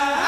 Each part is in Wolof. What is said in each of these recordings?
Ah!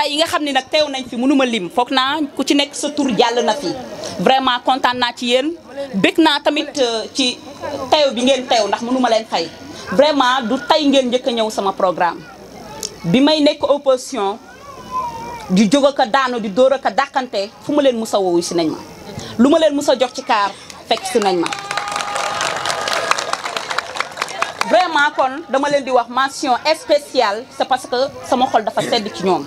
détails yi nga xam ni nag teew nañ fi mënuma lim foog naa ku ci nekk sa tur jàll na fi vraiment kontaan naa ci yéen bég naa tamit euh, ci teew bi ngeen teew ndax mënuma leen fay vraiment du tey ngeen njëkk a ñëw sama programme bi may nekk opposition di jóg ak a daanu di dóor ak dàqante fu ma leen mus a woowu si nañ ma lu ma leen mus a jox ci kaar fekk si nañ ma vraiment kon dama leen di wax mention spéciale c'est parce que sama xol dafa sedd ci ñoom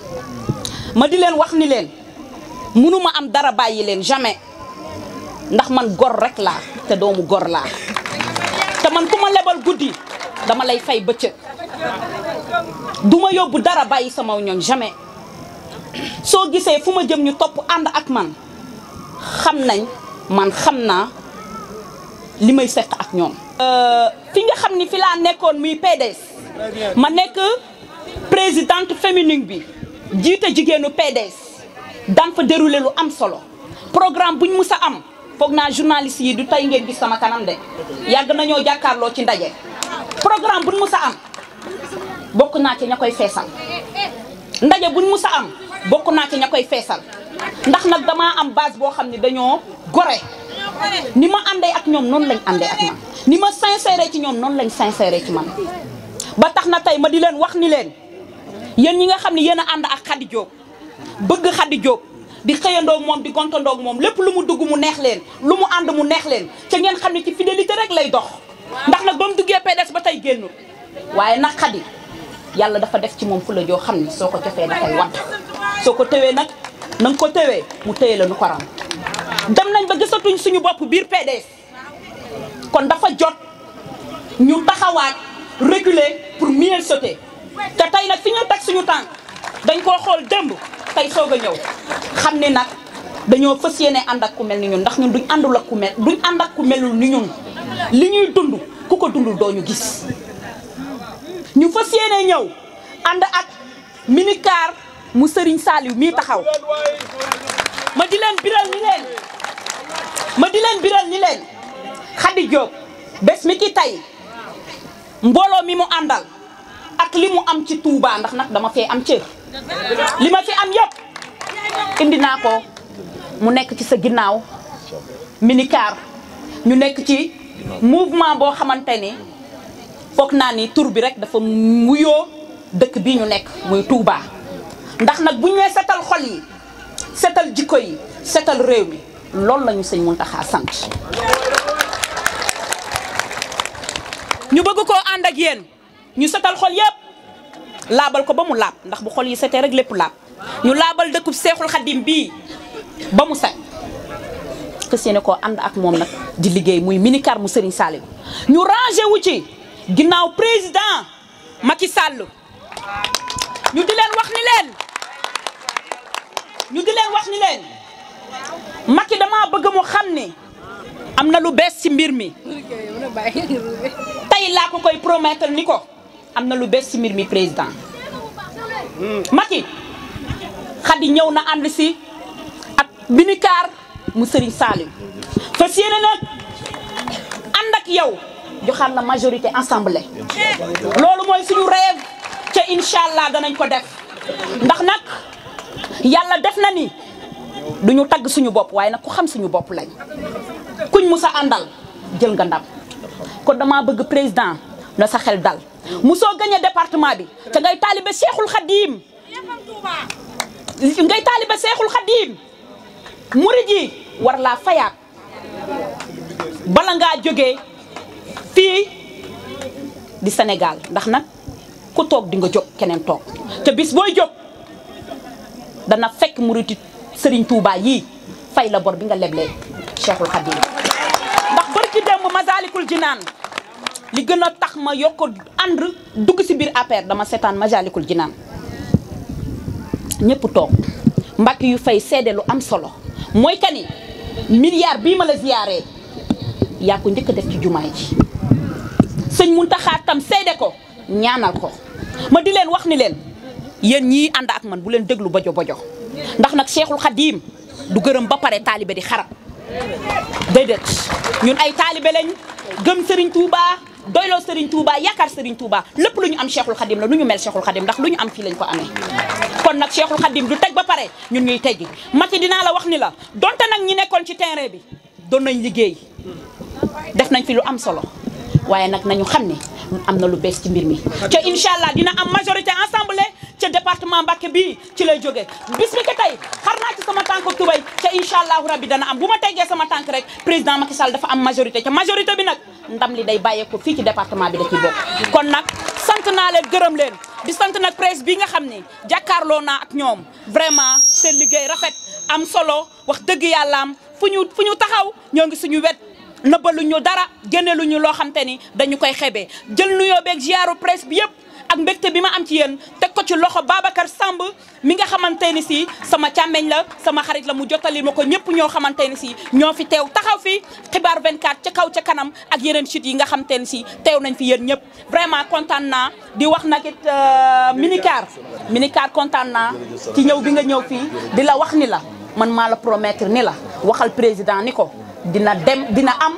ma di leen wax ni leen mënuma am dara bàyyi leen jamais ndax man gor rek laa te doomu gor laa te man ku ma lebal guddi dama lay fay bëccëg du ma yóbbu dara bàyyi sama ñoñ jamais soo gisee fu ma jëm ñu topp ànd ak man xam nañ man xam naa li may set ak ñoom. Euh, fi nga xam ni fi laa nekkoon muy PDS ma nekk présidente féminine bi. jiite jigéenu PDS daan fa déroulé lu am solo programme buñ mus a am foog naa journaliste yi du tey ngeen gis sama kanam de yàgg nañoo jàkkaarloo ci ndaje programme buñ mus a am bokk naa ci ña koy feesal ndaje buñ mus a am bokk naa ci ña koy feesal ndax nag damaa am base boo xam ne dañoo gore ni ma àndee ak ñoom noonu lañ àndee ak man ni ma sincère ci ñoom noonu lañ sincère ci man ba tax na tey ma di leen wax ni leen yéen ñi nga xam ne yéen a ànd ak Khady Diop bëgg Khady Diop di xëyandoog moom di gontandoog moom lépp lu mu dugg mu neex leen lu mu ànd mu neex leen ca ngeen xam ne ci fidélité rek lay dox ndax nag ba mu duggee PDS ba tey génnul waaye nag Khady yàlla dafa def ci moom fu la joo xam ne soo ko jofee dafay want soo ko tëwee nag na nga ko tëwee mu tëye la nu ko ram dem nañ ba gisatuñ suñu bopp biir PDS kon dafa jot ñu taxawaat reculer pour mieux sauter te tey nag fi ñu teg suñu tànk dañ koo xool démb tey soog a ñëw xam ne nag dañoo fas yéene ànd ak ku mel ni ñun ndax ñun duñ àndul ak ku mel ku melul ni ñun li ñuy dund ku ko dundul doo ñu gis ñu fas yéene ñëw ànd ak mi minicar mu sëriñ Saliou mii taxaw ma di leen biral ni leen ma di bés mi ki tey mbooloo mi mu àndal ak li mu am ci Touba ndax nag dama fee am cër li ma fi am yëpp indi naa ko mu nekk ci sa ginnaaw minikar ñu nekk ci mouvement boo xamante ni foog naa ni tur bi rek dafa muyoo dëkk bi ñu nekk muy Touba ndax nag bu ñu nee setal xol yi setal jikko yi setal réew mi loolu la ñu mun Mountakha sant ñu bëgg ko ànd ak yéen ñu setal xol yëpp label ko ba mu lab ndax bu xol yi sété rek lépp lab ñu laabal dëkkub cheikhul khadim bi ba mu set fas ko ànd ak mom nak di liggéey muy minicar mu Serigne salim ñu rangé wu ci ginnaw président Macky Sall ñu di len wax ni len ñu di len wax ni len Macky dama bëgg mu xamni amna lu bess ci mbir mi tay la ko koy promettre niko am na lu bes ci mbir mi président Macky Khady ñëw na ànd si ak binikaar mu Serigne Saliou fas yéene nag ànd ak yow joxaat la majorité assemblée loolu mooy suñu rêve ca incha allah danañ ko def ndax nag yàlla def na ni du ñu tagg suñu bopp waaye nag ku xam suñu bopp lañ kuñ musa àndal jël nga ndam kon dama bëgg président na sa xel dal musoo gagné département bi ca ngay talibé Cheikhul Khadim ngay talibé Cheikhul Khadim murid yi war la fayaat bala nga joggé fi di Sénégal ndax nak ku tok di nga jog kenen tok te bis boy jog dana fekk muriti Serigne Touba yi fay la bor bi nga leblé Cheikhul Khadim ndax barki démb Masalikul li gën a tax ma yokk ànd dugg si biir APR dama seetaan Majalikul Jinaan ñëpp toog mbakk yu fay seede lu am solo mooy kani milliard bii ma la ziyaaree yaa ko njëkk a def ci jumaay ji sëñ Muntaxa tam seede ko ñaanal ko ma di leen wax ni leen yéen ñii ànd ak man bu leen déglu bojo bojo ndax nag Cheikhul Khadim du gërëm ba pare taalibe di xarab déedéet ñun ay taalibe lañ gëm Serigne Touba. doylo Serigne Touba yakar Serigne Touba lépp luñu am Cheikhul Khadim la luñu mel Cheikhul Khadim ndax luñu am fi lañ ko amé kon nak Cheikhul Khadim du teg ba pare ñun ñuy teggi mati dina la wax ni la donte nak ñi nekkon ci terrain bi doon nañ liggéey def nañ fi lu am solo waye nak nañu xamné amna lu bees ci mbir mi ci inshallah dina am majorité assemblée ca département Mbacké bi ci lay jóge bis bi que tey xar naa ci sama tànk tubay ca incha allahu rabbi dana am bu ma teggee sama tànk rek président Macky Sall dafa am majorité ca majorité bi nag ndam li day bàyyeekoo fii ci département bi da ciy bokk kon nag sant naa leen gërëm leen di sant nag presse bi nga xam ne jàkkaarloo naa ak ñoom vraiment seen liggéey rafet am solo wax dëgg yàllaam fu ñu fu ñu taxaw ñoo ngi suñu wet nëbbaluñu dara génneluñu loo xam te ni dañu koy xebee jël nuyoo beeg ziaru presse bi yëpp ak mbégte bi ma am ci yéen teg ko ci loxo Babacar Samb mi nga xamante ni si sama càmmeñ la sama xarit la mu jottali ma ko ñëpp ñoo xamante ni si ñoo fi teew taxaw fi xibaar 24 ca kaw ca kanam ak yeneen chute yi nga xamante ni si teew nañ fi yéen ñëpp vraiment kontaan na di wax nagit it minicar euh, minicar kontaan naa ci ñëw bi nga ñëw fii di la wax ni la man maa la promettre ni la waxal président ni ko dina dem dina am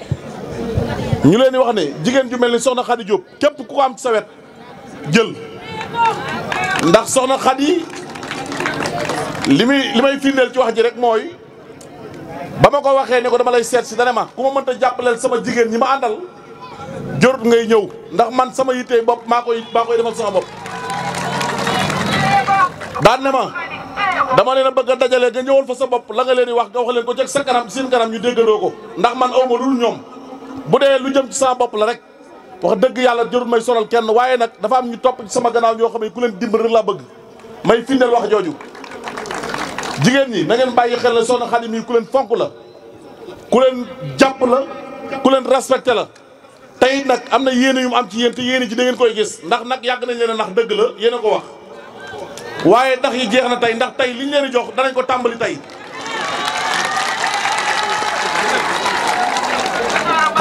ñu leen di wax ne jigéen ju mel ni soxna Khady Diop képp ku ko am ci sa jël ndax soxna Khady li muy may firndeel ci wax ji rek mooy ba ma ko waxee ne ko dama lay seet si dana ma ku ma mënta jàppaleel sama jigéen ñi ma àndal jorut ngay ñëw ndax man sama yittee bopp maa koy maa koy defal sama bopp daan ne ma dama leen a bëgg a dajale nga ñëwal fa sa bopp la nga leen di wax nga wax leen ko jeg sa kanam seen kanam ñu déggandoo ko ndax man awma lul ñoom bu dee lu jëm ci sama bopp la rek wax dëgg yàlla jarul may sonal kenn waaye nag dafa am ñu topp ci sama gannaaw ñoo xamee ne ku leen dimbal rek laa bëgg may findeel wax jooju. jigéen ñi na ngeen bàyyi xel la soxna Xadi mi ku leen fonk la ku leen jàpp la ku leen respecté la tey nag am na yéene yu am ci yéen te yéene ji dangeen koy gis ndax nag yàgg nañ leen ndax dëgg la yéen a ko wax waaye tax yi jeex na tey ndax tey liñ leen di jox danañ ko tàmbali tey.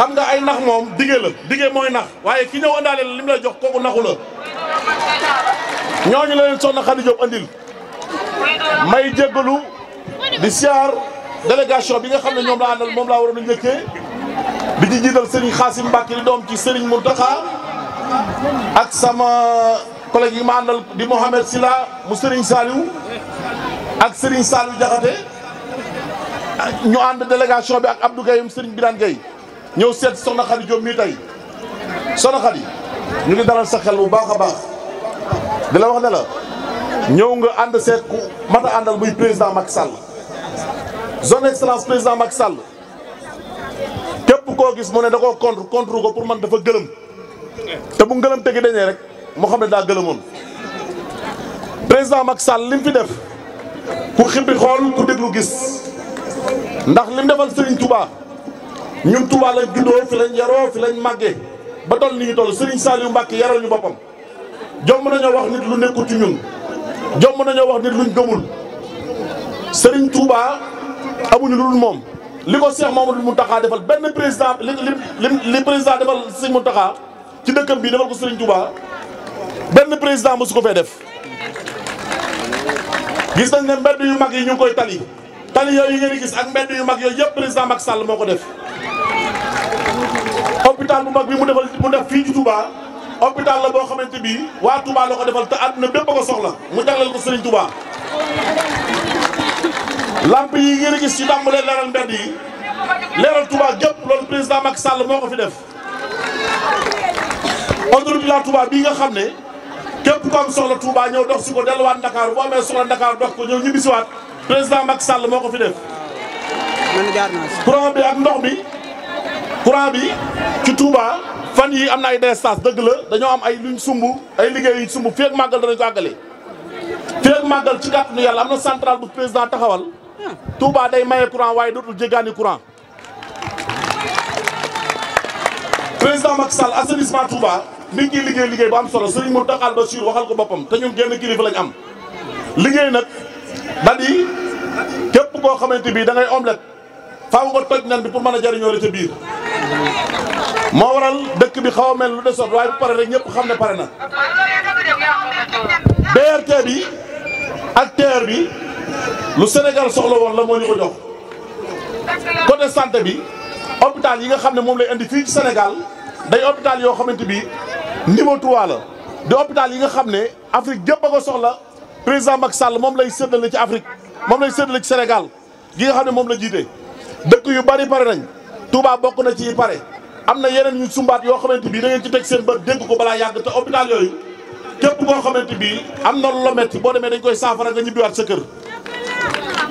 xam nga ay nax moom dige la dige mooy nax waaye ki ñëw andaale la li mu lay jox kooku naxu la ñooñu la leen soxna Khady Diop andil may jéggalu di siyaar délégation bi nga xam ne ñoom la àndal moom laa waroon a njëkkee bi ci jiital Serigne Xaasim Mbàkke di doom ci Serigne Mountakha ak sama collègue yi ma àndal di Mohamed Silla mu Serigne Saliou ak Serigne Saliou Diakhaté ñu ànd délégation bi ak Abdou Gaye mu Serigne Birane Gaye ñëw seet soxna Khady Diop mii tey soxna Khady ñu ngi daral sa xel bu baax a baax di wax ne la ñëw nga ànd seet ku mat a àndal muy président Macky Sall zone excellence président mac sàll képp koo gis mu ne da koo contre contre ko pour man dafa gëlëm te bu ngëlëm tegi dañee rek moo xam ne daa gëlëmoon président Macky Sall li mu fi def ku xibbi xool ku déglu gis ndax li mu defal Serigne Touba. ñun Touba lañ juddoo fi lañ yaroo fi lañ màggee ba toll ni ñu toll Serigne Saliou Mbacke yaral ñu boppam jomb nañoo wax nit lu nekkul ci ñun jomb nañoo wax nit luñ gëmul sëriñ Touba amuñu lu dul moom li ko Cheikh Mamadou taxaa defal benn président li li li président defal Serigne Mountakha ci dëkkam bii defal ko Serigne Touba benn président mosu ko fee def gis nañ ne mbedd yu mag yi ñu ngi koy tali tali yooyu ngeen gis ak mbedd yu mag yooyu yëpp président Macky Sall moo ko def. hôpital bu mag bi mu defal mu def fii ci Touba hôpital la boo xamante bi waa Touba la ko defal te àdduna bépp a ko soxla mu jagleel ko Serigne Touba. lamp yi ngeen a gis ci tàmbalee leeral mbedd yi leeral Touba gépp loolu président Macky Sall moo ko fi def. autoroute la Touba bii nga xam ne képp ko am soxla Touba ñëw dox si ko delluwaat Ndakaaru boo amee soxla Ndakaaru dox ko ñëw ñibbisiwaat président Macky Sall moo ko fi def. man jaar ak ndox bi. courant bi ci Touba fan yi am na ay délestage dëgg la dañoo am ay luñ sumb ay liggéey yuñ sumb feeg màggal danañ ko àggale feeg màggal ci kàttanu yàlla am na centrale bu président taxawal Touba day maye courant waaye dootul jéggaani courant président Macky Sall assainissement Touba mi ngi liggéey liggéey bu am solo Serigne Mountakha Al Bachir waxal ko boppam te ñun génn kilifa lañ am liggéey nag da képp koo xamante bi dangay ngay faaw nga toj nen bi pour mën a jariñoo la ca biir moo waral dëkk bi xaw a mel lu desoon waaye bu pare rek ñëpp xam ne pare na BRT bi ak TER bi lu Sénégal soxla woon la moo ñu ko jox côté bi hôpital yi nga xam ne moom lay indi fii ci Sénégal day hôpital yoo xamante bi niveau 3 la di hôpital yi nga xam ne Afrique jëpp a ko soxla président Macky Sall moom lay séddale ci Afrique moom lay séddale ci Sénégal gi nga xam ne moom la jiite dëkk yu bari pare nañ Touba bokk na ci yi pare am na yeneen ñu sumbaat yoo xamante bii da ci teg seen ba dégg ko balaa yàgg te hôpital yooyu képp koo xamante bii am na lu la boo demee dañ koy saafara nga ñibbiwaat sa kër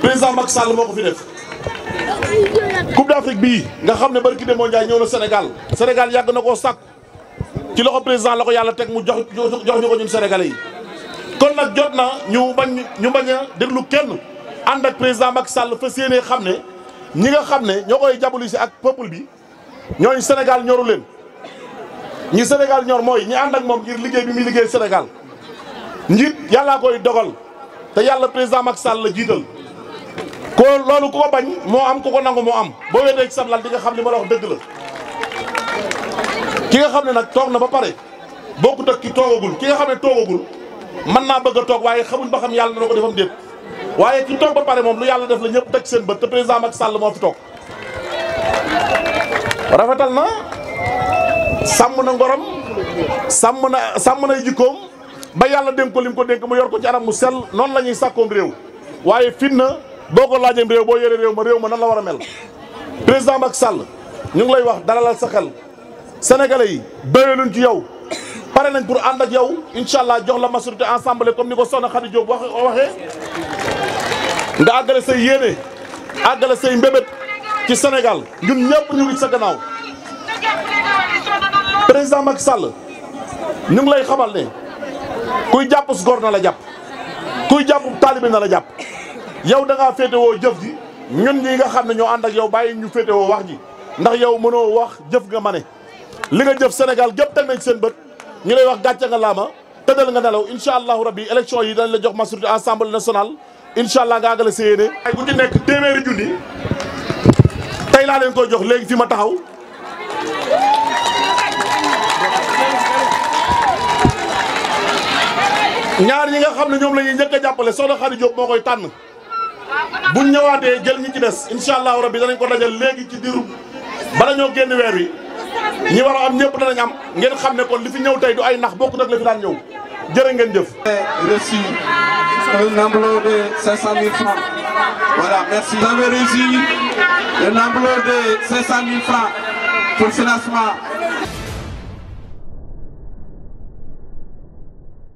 président Macky Sall moo ko fi def Coupe d'Afrique bii nga xam ne barki demoo Ndiaye ñëw na Sénégal Sénégal yàgg na koo sàkk ci loxo président la yàlla teg mu jox jox ñu ko ñun sénégalais yi kon nag jot na ñu bañ ñu bañ a déglu kenn ànd ak président Macky Sall xam ne ñi nga xam ne ñoo koy jàppale si ak peuple bi ñooñu Sénégal ñoru leen ñi Sénégal ñor mooy ñi ànd ak moom ngir liggéey bi muy liggéey Sénégal njiit yàllaa koy dogal te yàlla président Macky Sall la jiital. ko loolu ku ko bañ moo am ku ko nangu moo am boo wéetee ci sam lal di nga xam li ma la dëgg la ki nga xam ne nag toog na ba pare bokkut ak ki toogagul ki nga xam ne toogagul man naa bëgg a toog waaye xamuñ ba xam yàlla na ko defam déet. waaye ki toog ba pare moom lu yàlla def la ñëpp teg seen bët te président Macky Sall moo rafetal na sàmm na ngorom sàmm na sàmm na jikkoom ba yàlla dénk ko ko dénk mu yor ko ci anam mu sell la ñuy sàkkoom réew waaye boo ko laajeem réew boo yore réew ma réew ma nan la war a mel président Macky sàll ñu ngi lay wax dalalal sa xel sénégalais yi doyee ci yow pare nañ pour ànd ak yow incha allah jox la majorité ensemble comme ni ko soxna Khady Diop wax nga àggale say yéene àggale say mbébét ci Sénégal ñun ñëpp ñu ngi sa gannaaw président Macky Sall ñu lay xamal ne kuy jàpp su góor na la jàpp kuy jàpp taalibe na la jàpp yow da ngaa féetewoo jëf ji ñun ñi nga xam ne ñoo ànd ak yow bàyyi ñu féetewoo wax ji ndax yow mënoo wax jëf nga ma ne li nga jëf Sénégal gépp teg nañ seen bët ñu lay wax gàcce nga laama tëddal nga nelaw incha allahu rabbi élection yi dañ la jox majorité assemblée nationale incha allah nga àggale sa yéene ay bu nekk téeméeri junni tey laa leen koy jox léegi fi ma taxaw ñaar ñi nga xam ne ñoom la ñuy njëkk jàppale soxna Khady Diop moo koy tànn buñ ñëwaatee jël ñi ci des incha allahu rabbi danañ ko dajal léegi ci diiru bala ñoo génn weer wi ñi war a am ñëpp danañ am ngeen xam ne kon li fi ñëw tey du ay nax bokkut ak la fi daan ñëw jërë ngeen jëf. reçu un enveloppe de 500 000 francs. voilà merci. vous avez reçu